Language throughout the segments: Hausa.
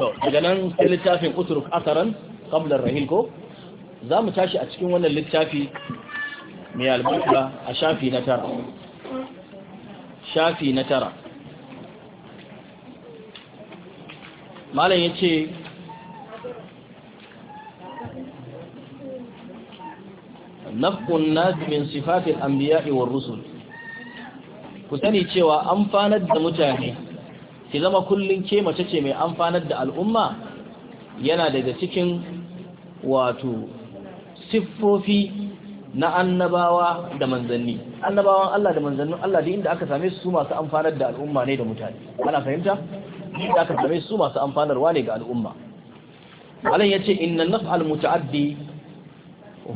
to daga nan sai littafin usuruk asaran qablar rahil ko za mu tashi a cikin wannan littafi mai albarka a shafi na tara shafi na tara malam yace min الناس من صفات الأنبياء والرسل ku sani cewa an fanar da mutane ki zama kullun ke mace ce mai amfanar da al'umma yana daga cikin wato siffofi na annabawa da manzanni annabawan Allah da manzannin Allah da inda aka same su masu amfanar da al'umma ne da mutane ana fahimta inda aka same su masu amfanarwa ne ga al'umma ya ce inna naf'al muta'addi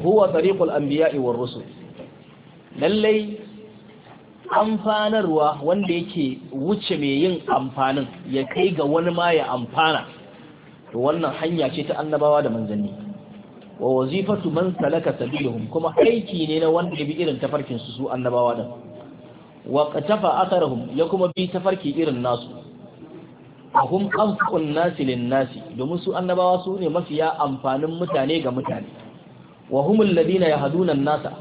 huwa tariqul anbiya'i war rusul lallai amfanarwa wanda yake wuce mai yin amfanin ya kai ga wani ma ya amfana to wannan hanya ce ta annabawa da manzanni wa wazifatu man salaka sabilahum kuma aiki ne na wanda ya bi irin tafarkin su su annabawa da wa qatafa atharhum ya kuma bi tafarki irin nasu ahum anfaqun nasi lin nasi domin su annabawa su ne mafiya amfanin mutane ga mutane wa humul ladina yahduna an-nasa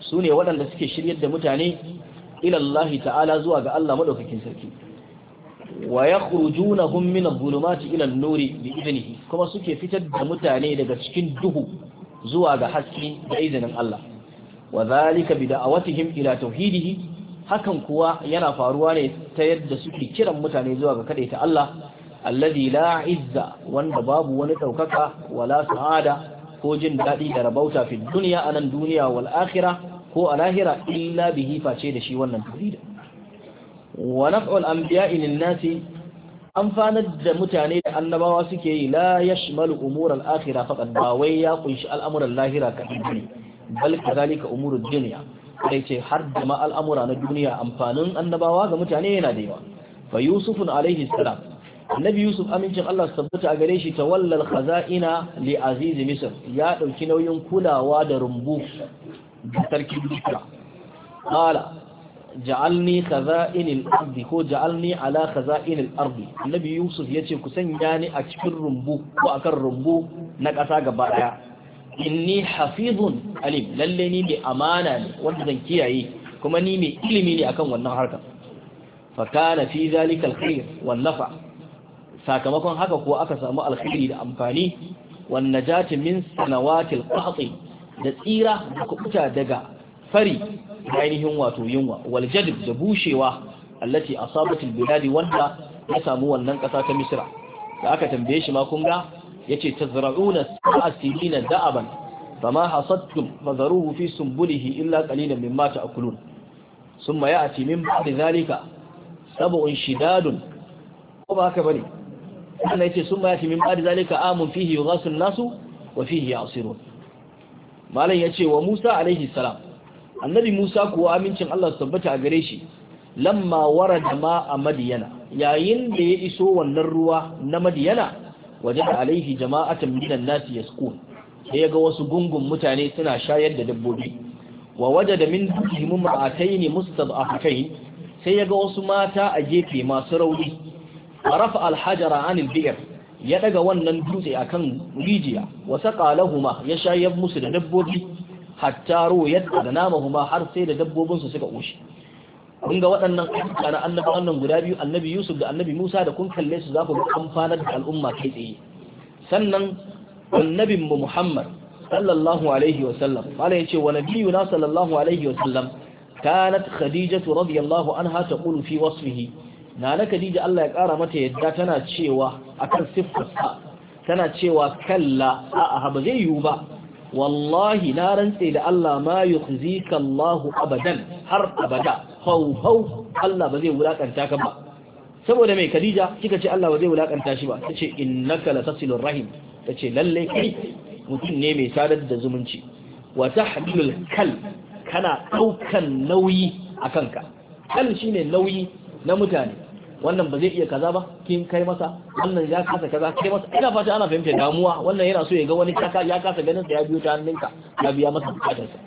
su ne waɗanda suke shiryar da mutane ila Allah ta'ala zuwa ga Allah madaukakin sarki wa yakhrujunahum min adh-dhulumati ila an-nuri bi kuma suke fitar da mutane daga cikin duhu zuwa ga haske da izinin Allah wa zalika a wata ila tauhidihi hakan kuwa yana faruwa ne ta yadda suke kiran mutane zuwa ga kadaita Allah alladhi la izza wanda babu wani daukaka wala sa'ada ko jin dadi da rabauta fi dunya anan duniya wal akhirah ko a lahira illa bihi face da shi wannan tauhidin wa naf'ul anbiya'i lin-nasi amfanar da mutane da annabawa suke yi la yashmalu umur al-akhirah ba wai ya kunshi al'amuran lahira kadai ne bal kadhalika umurud dunya sai ce har da ma al'amura na duniya amfanin annabawa ga mutane yana da yawa fa yusufun alaihi salam annabi yusuf amincin Allah tabbata a gare shi tawallal khaza'ina li aziz misr ya dauki nauyin kulawa da rumbu sarki duka qala ja'alni khaza'inil ardi ko ja'alni ala khaza'inil ardi annabi yusuf yace ku sanya ni a cikin rumbu ko rumbu na ƙasa gaba daya inni hafizun alim lalle ni mai amana ne wanda zan kiyaye kuma ni mai ilimi ne akan wannan harkar fa kana fi zalika alkhair wan nafa sakamakon haka ko aka samu alkhairi da amfani wan najati min sanawatil qahti da tsira da kubuta daga fari da ainihin wato yunwa wal jadb da bushewa allati asabatil biladi wanda ya samu wannan kasa ta misra da aka tambaye shi ma kun ga yace tazra'una sa'atina da'aban fama hasadtum fadharuhu fi sumbulihi illa qalilan mimma ta'kulun thumma ya'ti min ba'di dhalika sab'un shidadun ko ba haka bane Allah yace thumma ya'ti min ba'di dhalika amun fihi yughasu an-nasu wa fihi ya'sirun malam ya ce wa musa alaihi salam annabi musa kuwa amincin allah su tabbata a gare shi lamma wara da ma a madiyana yayin da ya iso wannan ruwa na madiyana da alaihi jama'atan minan nasi ya sai ya ga wasu gungun mutane suna shayar da dabbobi wa waje da min himu ma'atai ne mustad'afatain sai ya ga wasu mata a gefe masu rauni rafa alhajara anil bi'r ya daga wannan dutse akan rijiya wa saqa lahumma ya shayar musu da dabbobi hatta ruwayat da huma har sai da dabbobin su suka koshi kun ga waɗannan ayyuka na annabi wannan guda biyu annabi Yusuf da annabi Musa da kun kalle su za ku amfanar da al'umma kai tsaye sannan annabin mu Muhammad sallallahu alaihi wa sallam mala yace wa nabiyuna sallallahu alaihi wa sallam kanat khadijatu radiyallahu anha taqulu fi wasfihi na khadija Allah ya kara mata yadda tana cewa akan siffarsa tana cewa kalla a'a ba zai yiwu ba wallahi na rantse da Allah ma zika Allahu abadan har abada hau hau Allah ba zai wulakanta ka ba saboda mai Khadija kika ce Allah ba zai wulakanta shi ba tace innaka latasilur rahim tace lalle kai mutum ne mai sadar da zumunci wa tahmilul kal kana daukan nauyi akan ka kal shine nauyi na mutane wannan ba zai iya kaza ba kin kai masa wannan ya kasa kaza kai masa ina fata ana fahimta damuwa wannan yana so ya ga wani kaka ya kasa ganin sa ya biyo ta hannunka ya biya masa bukatar sa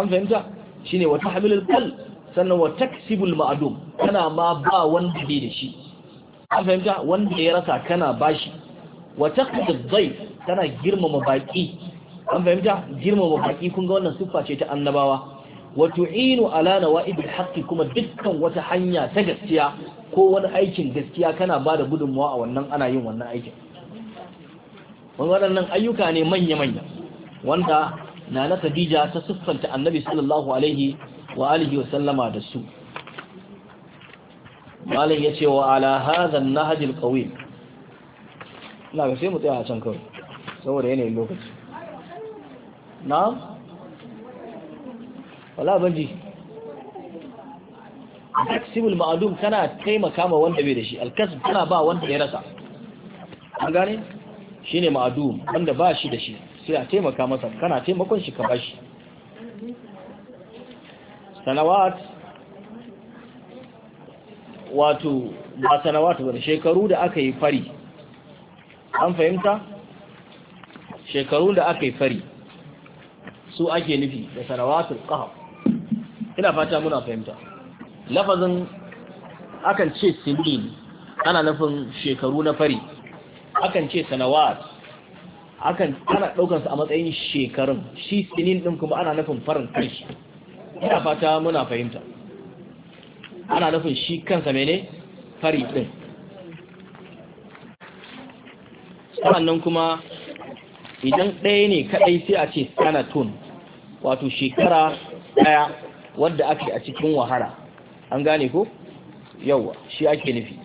an fahimta shine wa tahmilul qal sannan wa taksibul ma'dum kana ma ba wanda bai da shi an fahimta wanda ya rasa kana bashi wa taqdid dhayf kana girmama baki an fahimta girmama baki kun ga wannan siffa ce ta annabawa wa tu'inu ala nawaidil haqqi kuma dukkan wata hanya ta gaskiya ko wani aikin gaskiya kana ba da gudunmawa a wannan ana yin wannan aikin Wani waɗannan ayyuka ne manya-manya wanda na na khadija ta siffanta annabi sallallahu alaihi wa alihi wa sallama da su malam ya ce wa ala hadha na nahj al ina ga sai mu tsaya a can kawai saboda yanayin lokaci Na? wala banji taksibul ma'adum kana taimaka ma wanda bai da shi alkasb kana ba wanda ya rasa an gane shine ma'adum wanda ba shi da shi sai a taimaka masa kana taimakon shi ka bashi sanawat wato ba sanawat ba shekaru da aka yi fari an fahimta shekaru da aka yi fari su ake nufi da sanawatul qahab ina fata muna fahimta lafazin akan ce sinin ana nufin shekaru na fari akan ce sanawat akan ana ɗaukansa a matsayin shekarun shi sinin ɗin kuma ana nufin farin kai ina fata muna fahimta ana nufin shi kansa mene fari ɗin sannan kuma idan ɗaya ne kaɗai sai a ce sanatun wato shekara ɗaya wadda ake a cikin wahara an gane ko yawa shi ake nufi